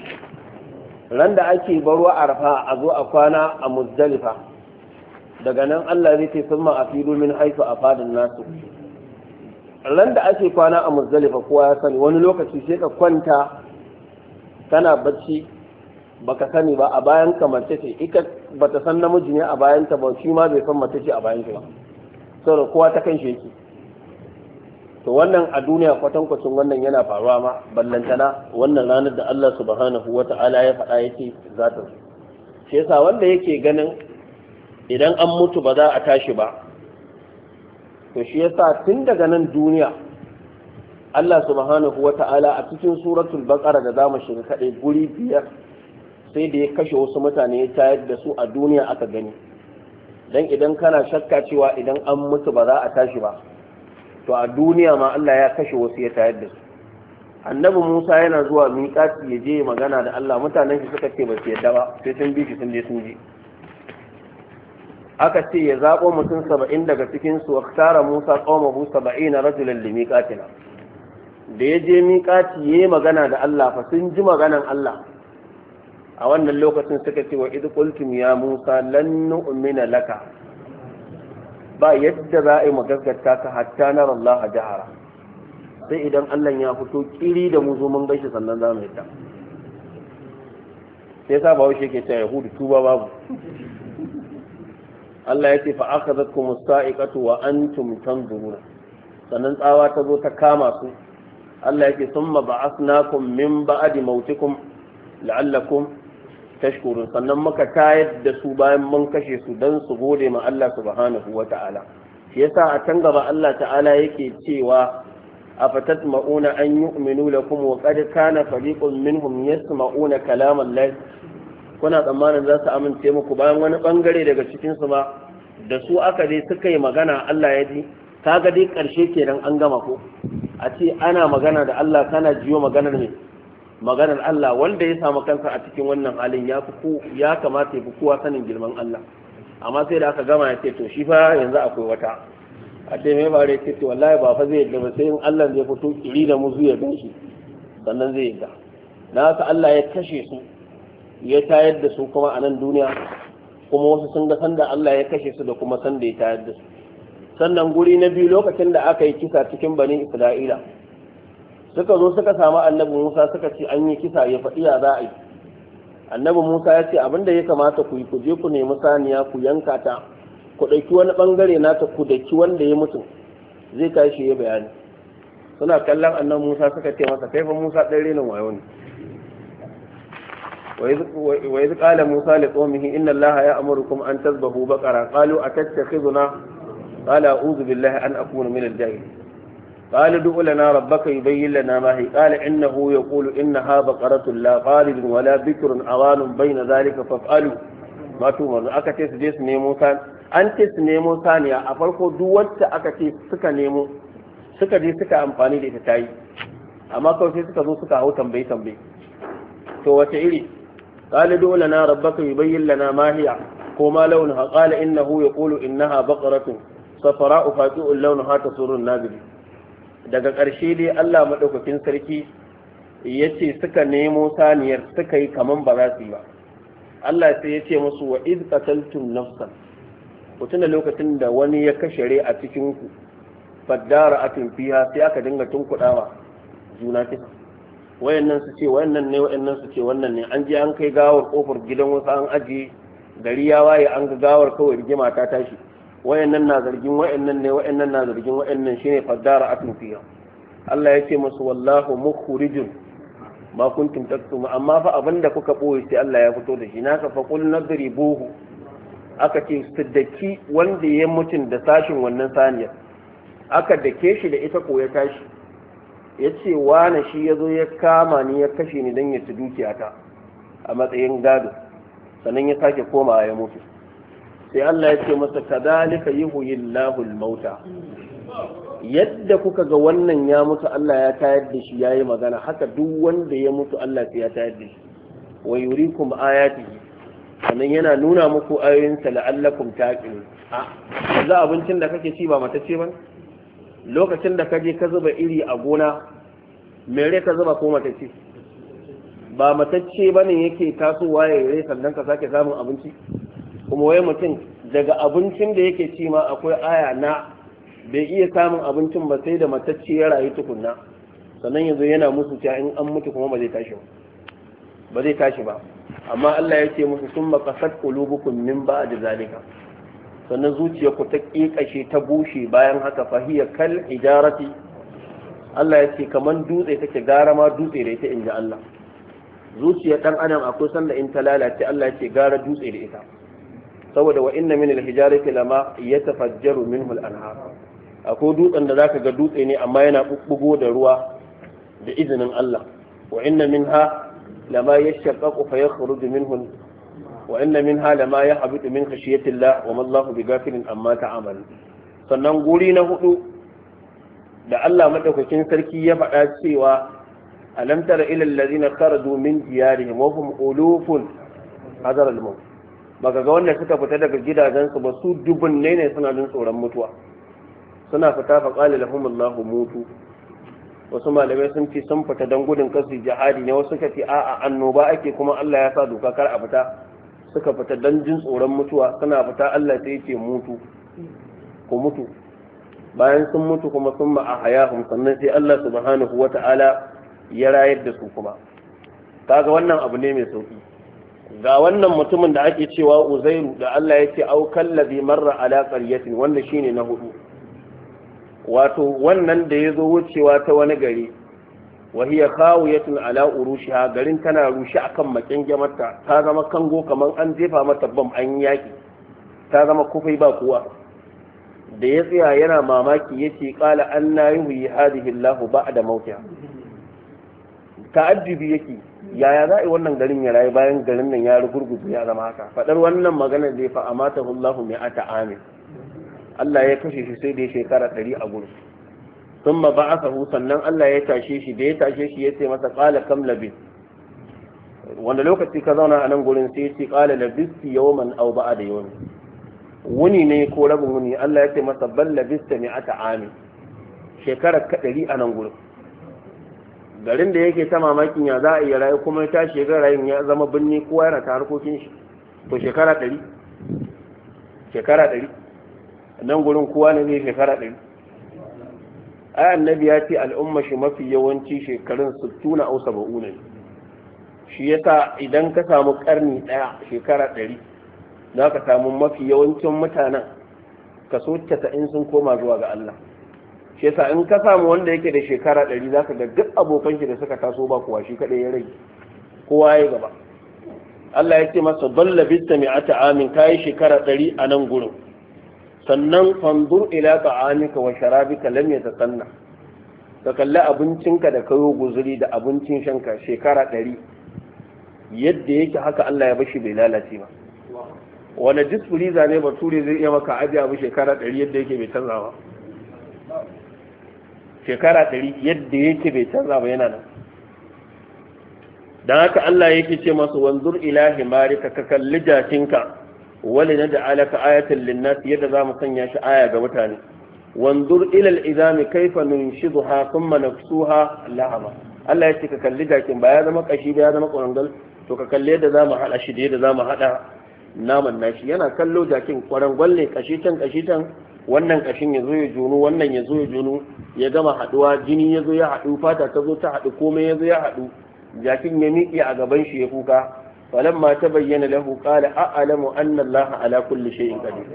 ran da ake baro arfa a zo a kwana a muzdalifa daga nan Allah zai ce sun ma'afilu min haifu a fadin nasu ran da ake kwana a muzdalifa kowa ya sani wani lokaci sai ka kwanta kana bacci baka sani ba a bayan ka mace ce ita bata san namiji ne a bayan ta ba shi ma bai san mace ce a bayan ta ba saboda kowa ta kan shi yake to wannan a duniya kwatankwacin wannan yana faruwa ma ballantana wannan ranar da Allah subhanahu wa ta'ala ya faɗa yake za ta zo shi yasa wanda yake ganin idan an mutu ba za a tashi ba to shi yasa tun daga nan duniya Allah subhanahu wa ta'ala a cikin suratul baqara da zamu shiga kaɗai guri biyar sai da ya kashe wasu mutane ya tayar da su a duniya aka gani dan idan kana shakka cewa idan an mutu ba za a tashi ba to a duniya ma Allah ya kashe wasu ya tayar da su annabi Musa yana zuwa miƙati ya je magana da Allah mutanen shi suka ce ba su yadda ba sai sun bi shi sun je sun je aka ce ya zaɓo mutum saba'in daga cikin su aktara Musa saba'in na rajulan li na. da ya je miƙati ya yi magana da Allah fa sun ji maganan Allah a wannan lokacin suka ce wa idu qultum ya Musa lan nu'mina laka ba yadda za a yi magaggata ka hatta na Allah a jihara sai idan Allah ya fito kiri da mu zo mun gaishe sannan za mu yi ta sai sa bawo shi ke ta yahudu tuba babu Allah ya ce fa aka zatku ikatu wa an tumtan tanzuruna sannan tsawa ta zo ta kama su Allah ya ce sun ma ba'athnakum min ba'di mautikum la'allakum tashkurun sannan maka tayar da su bayan mun kashe su don su gode ma Allah subhanahu wa ta'ala shi yasa a can gaba Allah ta'ala yake cewa a fatat ma'una an yu'minu lakum wa qad kana fariqun minhum yasma'una kalam Allah kuna tsammanin za su amince muku bayan wani bangare daga cikin su ba da su aka dai suka yi magana Allah ya ji kaga dai karshe kenan an gama ko a ce ana magana da Allah kana jiyo maganar ne maganar Allah wanda ya samu kansa a cikin wannan halin ya ya kamata ya fi kowa sanin girman Allah amma sai da aka gama ya ce to shi fa yanzu akwai wata a ce mai bare ce to wallahi ba fa zai yadda ba sai in Allah zai fito kiri da mu ya gan shi sannan zai yadda na haka Allah ya kashe su ya tayar da su kuma a nan duniya kuma wasu sun ga sanda Allah ya kashe su da kuma sanda ya tayar da su sannan guri na biyu lokacin da aka yi kisa cikin bani isra'ila suka zo suka samu annabi Musa suka ce an yi kisa ya faɗi ya za a yi annabi Musa ya ce abinda ya kamata ku yi ku je ku nemi saniya ku yanka ta ku ɗauki wani ɓangare nata ku daki wanda ya mutu zai kai shi ya bayani suna kallon annabi Musa suka ce masa kai fa Musa ɗan renin wayo ne وإذ قال موسى لقومه إن الله يأمركم أن تذبحوا بقرة قالوا أتتخذنا قال أعوذ an أن أكون من jahilin قال ادع لنا ربك يبين لنا ما هي قال انه يقول انها بقره لا قالب ولا بكر اوان بين ذلك فافعلوا ما تؤمر aka ce su je su nemo san an ce su nemo saniya a farko duk wacce aka ce suka nemo suka je suka amfani da ita tayi amma kawai sai suka zo suka hau tambaye tambaye to wace iri قال ادع لنا ربك يبين لنا ما هي وما لونها قال انه يقول انها بقره صفراء فاتئ لونها تسر الناظرين daga ƙarshe dai Allah maɗaukakin sarki ya ce suka nemo saniyar suka yi kamar ba za su yi ba Allah sai ya ce musu wa iz qataltum nafsan ku tuna lokacin da wani ya kashe a cikin ku faddara atin fiha sai aka dinga tunkudawa juna kisa wayannan su ce wayannan ne wayannan su ce wannan ne an je an kai gawar kofar gidan wasu an ajiye gari ya waye an ga gawar kawai rigima ta tashi wayannan na zargin wayannan ne wayannan na zargin wayannan shine faddara atun fiya Allah ya ce musu wallahu mukhrijun ma kuntum taktum amma fa abinda kuka boye sai Allah ya fito da shi na naka fa qul nadribuhu aka ce siddaki wanda ya mutun da sashin wannan saniyar aka dake shi da ita ko ya tashi ya ce shi ya zo ya kama ni ya kashe ni don ya ci dukiyata a matsayin gado sannan ya sake komawa ya mutu sai Allah ya ce masa kadhalika yuhyillahu al-mauta yadda kuka ga wannan ya mutu Allah ya tayar da shi yayi magana haka duk wanda ya mutu Allah sai ya tayar da shi wa yurikum ayatihi sannan yana nuna muku ayoyinsa la'allakum taqilun a yanzu abincin da kake ci ba matacce ba lokacin da kaje ka zuba iri a gona mere ka zuba ko matacce ba matacce bane yake tasowa ya rai sannan ka sake samun abinci kuma wai mutum daga abincin da yake ci ma akwai aya na bai iya samun abincin ba sai da matacce ya rayu tukunna sannan yanzu yana musu cewa in an mutu kuma ba zai tashi ba ba zai tashi ba amma Allah ya ce musu sun makasat qulubukum min da zalika sannan zuciyarku ta kekashe ta bushe bayan haka fahiya kal ijarati Allah ya ce kamar dutse take gara ma dutse da ita inji Allah zuciyar dan adam akwai sanda in ta lalace Allah ya ce gara dutse da ita saboda wa inna min alhijarati lama ya minhu al-anhar akwai dutsen da zaka ga dutse ne amma yana bubbugo da ruwa da izinin Allah wa inna minha lama yashaqqaqu fa yakhruju minhu wa inna ha lama ya yahbitu min khashyati Allah wa ma Allahu bighafilin amma ta'malu sannan guri na hudu da Allah madaukakin sarki ya faɗa cewa alam tara ila allazina kharaju min diyarihim wa hum ulufun hadar al-maut ba ga wanda suka fita daga gidajensu ba su dubun ne suna jin tsoron mutuwa suna fita fa qala lahum mutu wasu malamai sun ce sun fita don gudun kasu jihadi ne wasu suka ce a'a annoba ake kuma Allah ya sa doka kar a fita suka fita don jin tsoron mutuwa suna fita Allah sai ce mutu ku mutu bayan sun mutu kuma sun ma a sannan sai Allah subhanahu wata'ala ya rayar da su kuma kaga wannan abu ne mai sauki ga wannan mutumin da ake cewa uzairu da Allah ya ce au kallabi marra ala qaryatin wanda shine na hudu wato wannan da yazo wucewa ta wani gari wa hiya khawiyatun ala urushiha garin tana rushe akan makin jamarta ta zama kango kaman an jefa mata bam an yaki ta zama kufai ba kuwa da ya tsaya yana mamaki yace qala anna yuhi hadhihi Allah ba'da mautiha ta'ajjubi yake yaya za a yi wannan garin ya rayu bayan garin nan ya rugurguzu ya zama haka faɗar wannan magana zai fa amata hullahu mai ata amin Allah ya kashe shi sai da ya shekara ɗari a gurin sun ma ba'asahu sannan Allah ya tashe shi da ya tashe shi ya ce masa ƙala kam labin wanda lokaci ka zauna a nan gurin sai ya ce ƙala yau man au a da yawmi wuni ne ko rabin wuni Allah ya ce masa bal labista mi'ata amin shekarar ka ɗari a nan gurin garin da yake ta mamakin ya za a iya rayu kuma ya tashi ga ya zama birni kowa yana ta harkokin shi to shekara ɗari shekara ɗari nan gurin kowa ne zai shekara ɗari ai annabi ya ce al'umma shi mafi yawanci shekarun sittuna au saba'u ne shi yasa idan ka samu karni ɗaya shekara ɗari za ka samu mafi yawancin mutanen kaso casa'in sun koma zuwa ga Allah shi yasa in ka samu wanda yake da shekara ɗari za ka ga duk abokan shi da suka taso ba kuwa shi kaɗai ya rage kowa ya gaba Allah ya ce masa balla bitta ata amin kai shekara ɗari a nan gurin sannan fandur ila ta'amika wa sharabika lam yatasanna ka kalli abincinka da kayo guzuri da abincin shanka shekara ɗari yadda yake haka Allah ya bashi bai lalace ba wani disfuriza ne bature zai iya maka ajiya bi shekara ɗari yadda yake bai canza ba shekara ɗari yadda yake bai canza ba yana nan don haka Allah yake ce masu wanzur ilahi marika ka kalli jakinka wani na da alaka ayatin linnas yadda za mu sanya shi aya ga mutane wanzur ilal izami kaifa nunshiduha thumma nafsuha lahama Allah yake ka kalli jakin ba ya zama kashi ba ya zama ƙwarangal to ka kalli yadda za mu haɗa shi da yadda za mu haɗa naman nashi yana kallo jakin ƙwarangwal ne kashi can kashi can wannan kashin ya zo ya junu wannan ya zo ya junu ya gama haduwa jini ya zo ya haɗu fata ta zo ta haɗu komai ya zo ya haɗu jakin ya miƙe a gaban shi ya kuka falamma ta bayyana lahu qala a'lamu anna ala kulli shay'in qadir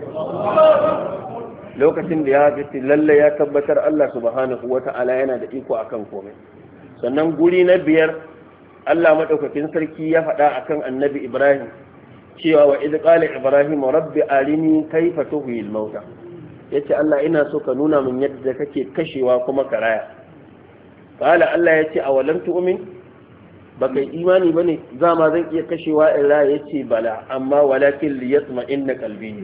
lokacin da ya ji lalle ya tabbatar Allah subhanahu wata'ala yana da iko akan komai sannan guri na biyar Allah madaukakin sarki ya faɗa akan annabi Ibrahim cewa wa idh qala ibrahim rabbi arini kayfa tuhyi al Ya ce Allah ina so ka nuna min yadda kake kashewa kuma karaya qala Allah ya walar tu'umin ba baka imani ba ne za ma zan iya kashewa in raya ce bala amma walakin li yasma inna qalbi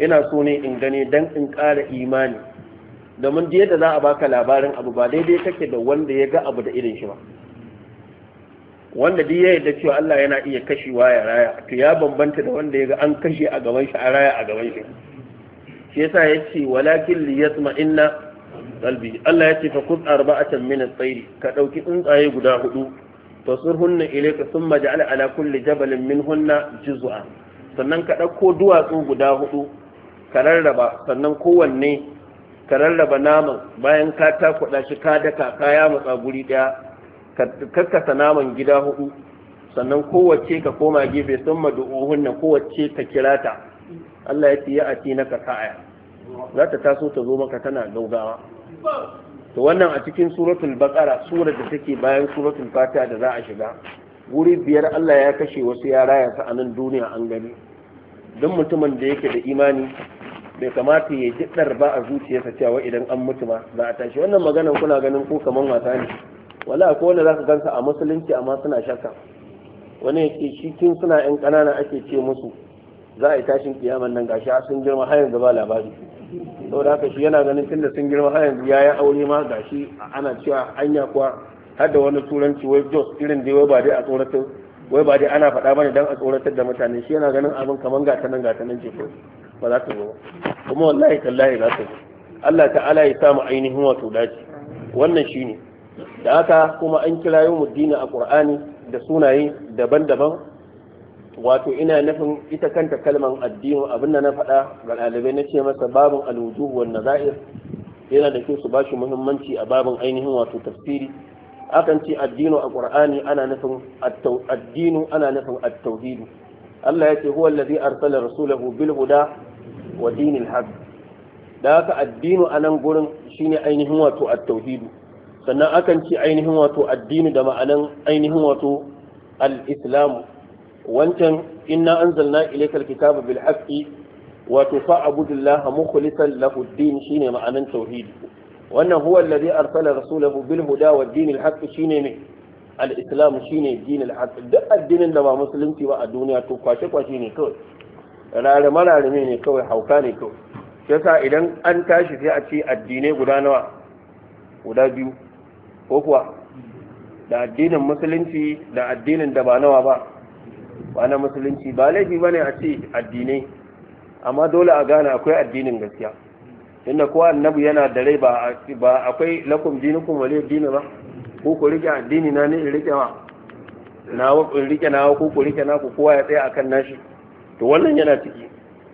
ina so ne in gane dan in ƙara imani domin da yadda za a baka labarin abu ba daidai kake da wanda ya ga abu da irin shi ba wanda duk ya yarda cewa Allah yana iya kashewa ya raya to ya bambanta da wanda ya ga an kashe a gaban shi a raya a gaban shi shi yasa ce walakin li inna qalbi Allah ya ce fa kuz arba'atan min at-tayr ka dauki tsuntsaye guda hudu fasurhunna ilayka thumma ja'al ala kulli jabalin minhunna juz'a sannan ka dauko duwatsu guda hudu ka rarraba sannan kowanne ka rarraba naman bayan ka da shi ka daka ka ya matsa guri daya ka karkasa naman gida hudu sannan kowace ka koma gefe sun madu'uhunna kowace ka kirata Allah ya ce ya ati na kasaya za ta taso ta zo maka tana gaugawa to wannan a cikin suratul bakara, surar da take bayan suratul fata da za a shiga wuri biyar Allah ya kashe wasu yara ya sa a duniya an gani don mutumin da yake da imani bai kamata ya ji ba a zuciyarsa cewa idan an mutu ba, za a tashi wannan maganan kuna ganin ko kamar wasa ne wala akwai wanda za ka gansa a musulunci amma suna shakka wani ce shi tun suna yan ƙanana ake ce musu za a yi tashin kiyaman nan gashi sun girma har yanzu ba labari saboda haka shi yana ganin tun da sun girma har yanzu yi aure ma gashi ana cewa hanya kuwa har da wani turanci wai jos irin dai wai ba dai a tsoratar wai ba dai ana faɗa bane dan a tsoratar da mutane shi yana ganin abin kaman gata nan gata nan ce ba za ta zo ba kuma wallahi tallahi za ta zo Allah ta'ala ya samu ainihin wato dace wannan shine da haka kuma an kira yau muddini a qur'ani da sunaye daban-daban wato ina nufin ita kanta kalman addini abinda na faɗa ga ɗalibai na ce masa babin alwujuh wan nazair yana da kyau su ba shi muhimmanci a babin ainihin wato tafsiri akan ce addinu a qur'ani ana nufin addinu ana nufin at-tauhid Allah ya ce huwa allazi arsala rasulahu bil huda wa dinil haqq da haka addinu a nan gurin shine ainihin wato at-tauhid sannan akan ce ainihin wato addinu da ma'anan ainihin wato al-islamu wancan inna anzalna ilaykal kitaba bil haqqi wato fa abudullaha mukhlisan lahu din shine ma'anan tauhidi wannan huwa alladhi arsala rasulahu bil huda wad din al haqq shine ne al islam shine din al duk addinin da ba musulunci ba a duniya to kwashe kwashe ne kawai rarama rarame ne kawai hauka ne kawai yasa idan an tashi sai a ce addinai guda nawa guda biyu ko kuwa da addinin musulunci da addinin da ba nawa ba ba na musulunci ba laifi ba ne a ce addinai amma dole a gane akwai addinin gaskiya inda kowa annabi yana da rai ba akwai lakum kuma wa dini ba ko ku rike addini na ne in rike ma nawa in rike nawa ko ku rike naku kowa ya tsaya akan nashi to wannan yana ciki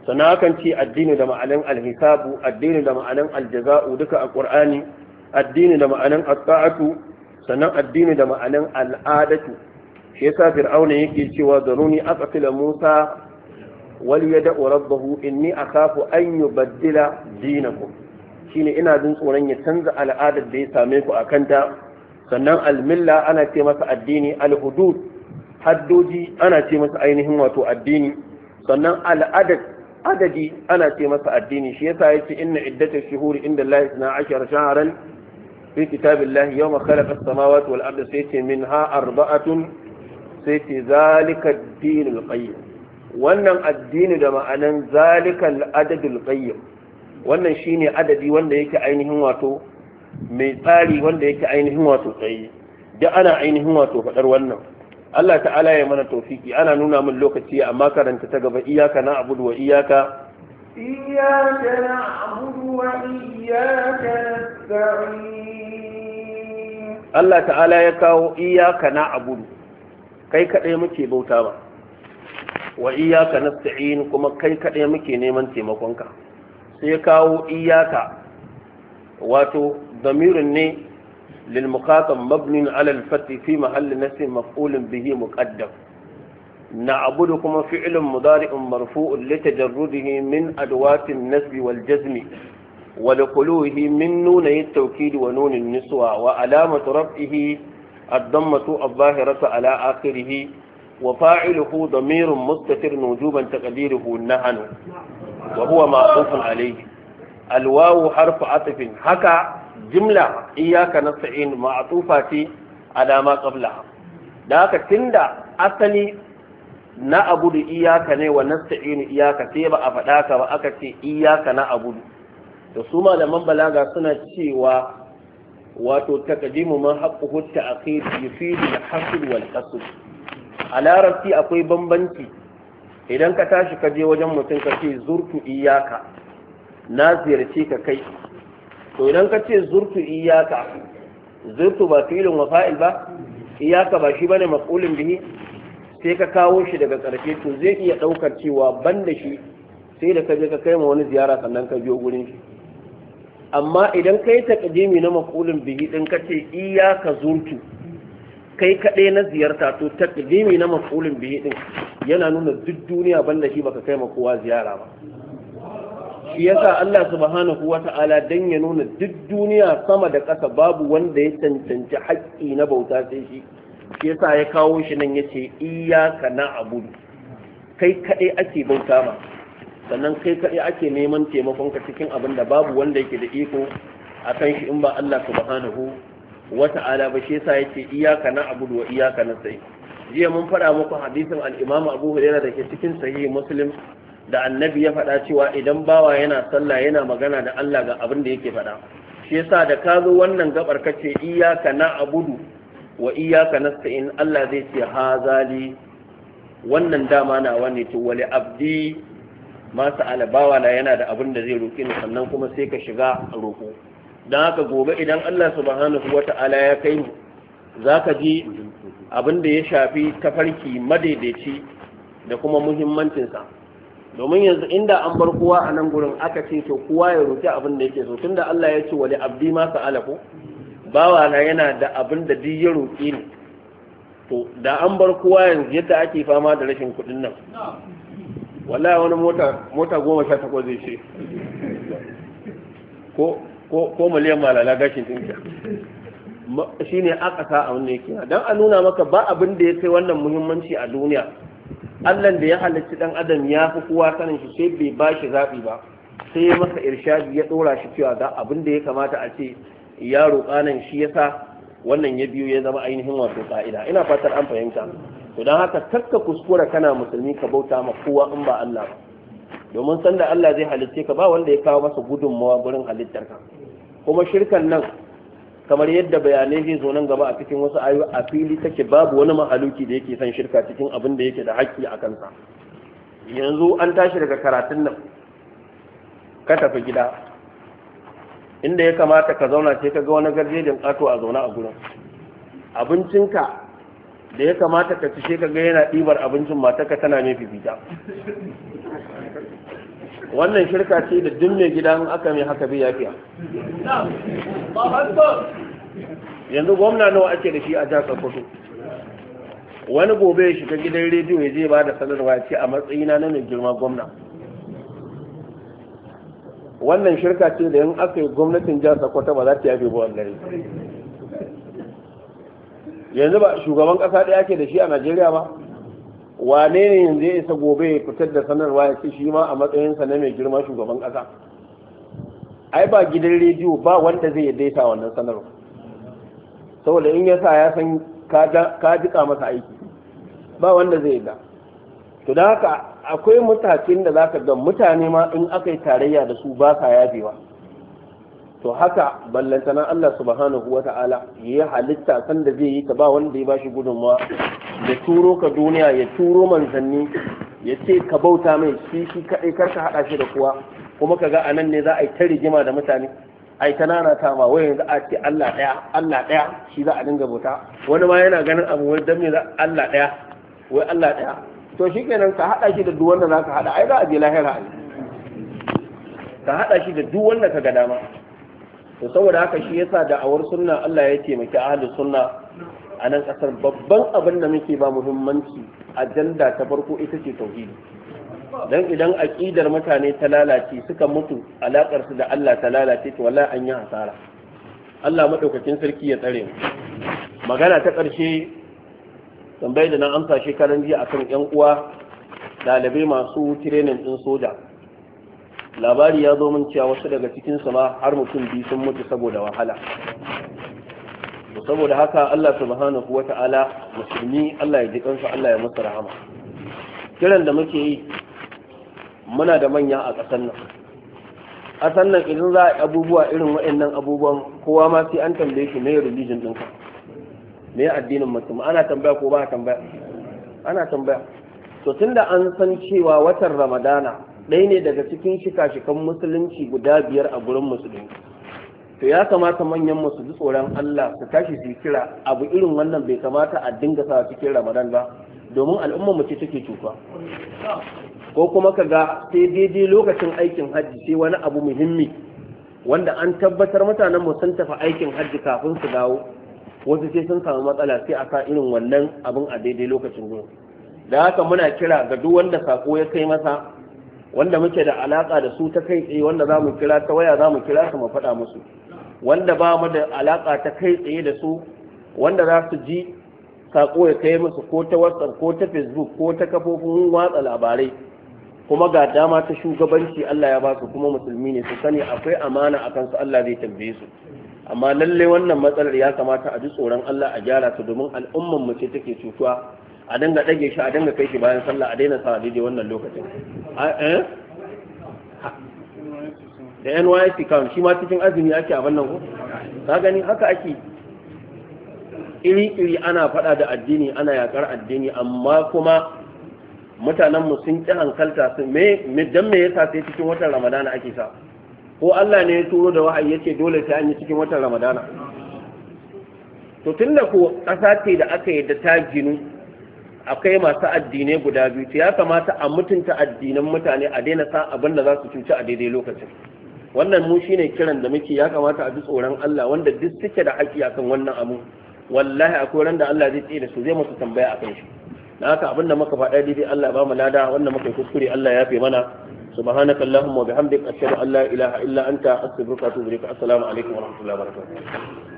sannan akan ce addini da ma'anan alhisabu addini da ma'anan aljaza'u duka a qur'ani addini da ma'anan as sannan addini da ma'anan al'adatu shi yasa fir'auna yake cewa zaruni aqtila musa wal yad'u rabbahu inni akhafu an yubaddila dinakum shine ina jin tsoron ya canza al'adar da ya same ku akan ta sannan almilla ana ce masa addini alhudud haddoji ana ce masa ainihin wato addini sannan al'adad adadi ana ce masa addini shi yasa yace inna iddatash shuhuri inda Allah 12 shahran fi kitabillahi yawma khalaqa as-samawati wal arda sayce minha arba'atun sai ce zalika dinul qayyim wannan addini da ma'anan zalika adadul qayyim wannan shine adadi wanda yake ainihin wato mai tsari wanda yake ainihin wato tsayi da ana ainihin wato faɗar wannan Allah ta'ala ya mana tofiki ana nuna min lokaci amma karanta ta gaba iyaka na abudu wa iyaka iyaka na abudu wa iyaka nasta'in Allah ta'ala ya kawo iyaka na abudu kai kaɗai muke bauta ba wa iyaka nasta'in kuma kai kaɗai muke neman taimakonka sai kawo iyaka wato damirin ne lil muqatam mabnin ala al fati fi mahalli bihi maf'ulun bihi muqaddam na'budu kuma fi'lun mudari'un marfu'un li tajarrudihi min adwatin nasbi wal jazmi wa li min nunayi at-tawkid wa nunin niswa wa alamatu raf'ihi الضمة الظاهرة على آخره وفاعله ضمير مستتر نجوبا تقديره النهن وهو معطوف عليه الواو حرف عطف حكى جملة إياك نستعين معطوفة على ما قبلها ذاك تند أصلي na abudu iyaka ne wa nasta'inu iyaka sai ba a faɗa ka ba aka iyaka na abudu da su malaman balaga suna cewa wato takadimu man haqquhu at-ta'khir yufidu al wal a larabci akwai bambanci idan ka tashi ka je wajen mutum ka ce zurtu iyaka na ziyarci ka kai to idan ka ce zurtu iyaka zurtu ba filin wa fa'il ba iyaka ba shi bane maf'ulin bihi sai ka kawo shi daga ƙarshe to zai iya ɗaukar cewa ban da shi sai da ka je ka kai ma wani ziyara sannan ka biyo gurin shi amma idan kai takadimi na maqulin bihi din kace ka zurtu kai kaɗai na ziyarta to taqdimi na maf'ulin bihi din yana nuna duk duniya banda shi baka kai ma kowa ziyara ba shi yasa Allah subhanahu wata'ala dan ya nuna duk duniya sama da ƙasa babu wanda ya cancanci haƙƙi na bauta sai shi shi yasa ya kawo shi nan yace na Abudu. kai kaɗai ake bauta ma sannan kai kaɗai ake neman taimakon ka cikin abin da babu wanda yake da iko a kan shi in ba Allah subhanahu wa ta'ala ba shi yasa yake iyaka na abu wa iyaka na sai jiya mun faɗa muku hadisin al-Imam Abu Hurairah da ke cikin sahih Muslim da annabi ya faɗa cewa idan bawa yana sallah yana magana da Allah ga abin da yake faɗa shi yasa da ka zo wannan gabar kace iyaka na abudu wa iyaka nasta'in Allah zai ce hazali wannan dama na wani to wali abdi masu alabawa na yana da abin da zai roƙi ni sannan kuma sai ka shiga roƙo don haka gobe idan Allah subhanahu wata'ala ya kai mu za ka ji abin da ya shafi tafarki madaidaici da kuma muhimmancinsa domin yanzu inda an bar kowa a nan gurin aka ce to kowa ya roƙi abin da yake so da Allah ya ce wali abdi ma sa'ala ko bawa na yana da abin da duk ya roƙi ni to da an bar kowa yanzu yadda ake fama da rashin kuɗin nan wallahi wani mota goma sha takwas zai ce ko miliyan malala gashin tinka shi ne a ƙasa a wannan yake don a nuna maka ba abin da ya kai wannan muhimmanci a duniya allan da ya halarci dan adam ya fi kowa sanin shi sai bai ba shi zaɓi ba sai ya masa irshadi ya ɗora shi cewa ga abin da ya kamata a ce yaro nan shi yasa wannan ya biyu ya zama ainihin wato ƙa'ida ina fatar an fahimta to don haka kakka kuskura kana musulmi ka bauta ma kowa in ba Allah ba domin sanda Allah zai halitte ka ba wanda ya kawo masa gudunmawa gurin halittar ka kuma shirkan nan kamar yadda bayanai zai zo nan gaba a cikin wasu ayu a fili take babu wani mahaluki da yake son shirka cikin abin da yake da haƙƙi a kansa yanzu an tashi daga karatun nan ka tafi gida inda ya kamata ka zauna sai ka ga wani garjejin ƙato a zauna a gurin abincinka da ya kamata ka ci ka ga yana ɗibar abincin matarka tana mai fifita wannan shirka ce da duk mai gidan aka mai haka bai yafiya yanzu gwamna nawa ake da shi a jasa sokoto wani gobe ya shiga gidan rediyo ya je ba da sanarwa ce a matsayina na mai girma gwamna wannan shirka ce da yin aka yi gwamnatin jasa sokoto ba za ta yafe buwan gari. yanzu ba shugaban kasa ɗaya ke da shi a najeriya ba wane ne yanzu ya isa gobe ya fitar da sanarwa ya ce shi ma a matsayinsa na mai girma shugaban kasa ai ba gidan rediyo ba wanda zai yadda sa wannan sanarwa saboda in ya sa ya san ka jika masa aiki ba wanda zai yadda to da haka akwai mutakin da za ka ga mutane ma in aka yi tarayya da su ba sa yafewa to haka ballantana Allah subhanahu wa ta'ala ya halitta san da zai yi ta ba wanda ya bashi gudunmawa ya turo ka duniya ya turo manzanni ya ce ka bauta mai shi shi kaɗai kar ka haɗa shi da kowa kuma ka ga anan ne za a yi ta rigima da mutane ai ta nana ta ma wai yanzu a ce Allah ɗaya Allah ɗaya shi za a dinga bauta wani ma yana ganin abu wai dan me za Allah ɗaya wai Allah ɗaya to shikenan ka haɗa shi da duk wanda zaka haɗa ai za a je lahira ka haɗa shi da duk wanda ka ga dama to saboda haka shi yasa da'awar sunna Allah ya taimaki ahli sunna a nan kasar babban abin da muke ba muhimmanci ajanda ta farko ita ce tauhidi dan idan aqidar mutane ta lalace suka mutu alakar su da Allah ta lalace to wallahi an yi hasara Allah madaukakin sarki ya tsare magana ta ƙarshe tambayar da na amsa shekaran jiya akan yan uwa dalibai masu tirenin din soja labari ya zo mun cewa wasu daga cikin su ma har mutum biyu sun mutu saboda wahala saboda haka Allah subhanahu wata'ala musulmi Allah ya ji kansu Allah ya masa rahama kiran da muke yi muna da manya a ƙasar nan ƙasar nan idan za a yi abubuwa irin waɗannan abubuwan kowa ma sai an tambaye shi me religion ɗinka me addinin mutum ana tambaya ko ba tambaya ana tambaya to tunda an san cewa watan ramadana ɗaya ne daga cikin shika-shikan musulunci guda biyar a gurin musulunci to ya kamata manyan su ji tsoron Allah su tashi su kira abu irin wannan bai kamata a dinga sa cikin Ramadan ba domin al'umma mu ce take cuka ko kuma ka ga sai daidai lokacin aikin hajji sai wani abu muhimmi wanda an tabbatar mutanen mu sun tafi aikin hajji kafin su dawo wasu sai sun samu matsala sai a sa irin wannan abin a daidai lokacin gurin da haka muna kira ga duk wanda sako ya kai masa wanda muke da alaka da su ta kai tsaye wanda za mu kira ta waya za mu kira su mu faɗa musu wanda ba mu da alaka ta kai tsaye da su wanda za su ji sako ya kai musu ko ta whatsapp ko ta facebook ko ta kafofin watsa labarai kuma ga dama ta shugabanci Allah ya ba su kuma musulmi ne su sani akwai amana a kansu Allah zai tambaye su amma lalle wannan matsalar ya kamata a ji tsoron Allah a gyara su domin al'ummar mu ce take cutuwa a dinga ɗage shi a dinga kai shi bayan sallah a daina sa daidai wannan lokacin eh? da n.y.c kan shi ma cikin azumi ake a wannan ko ka gani haka ake iri-iri ana faɗa da addini ana yakar addini amma kuma mutanenmu sun ƙi hankalta su me dan me yasa sai cikin watan ramadana ake sa ko Allah ne ya turo da wahayi yake dole sai an yi cikin watan ramadana to tunda ko ƙasa ce da aka da ta ginu akwai masu addinai guda biyu to ya kamata a mutunta addinan mutane a daina sa abin da za su cuci a daidai lokacin wannan mu shine kiran da muke ya kamata a bi tsoron Allah wanda duk suke da haƙi akan wannan abu wallahi akwai ran da Allah zai tsira su zai musu tambaya akan shi na haka abin da muka faɗa daidai Allah ba mu lada wannan muka kuskure Allah ya fi mana سبحانك اللهم وبحمدك أشهد أن لا إله إلا أنت أستغفرك وأتوب إليك السلام عليكم ورحمة الله وبركاته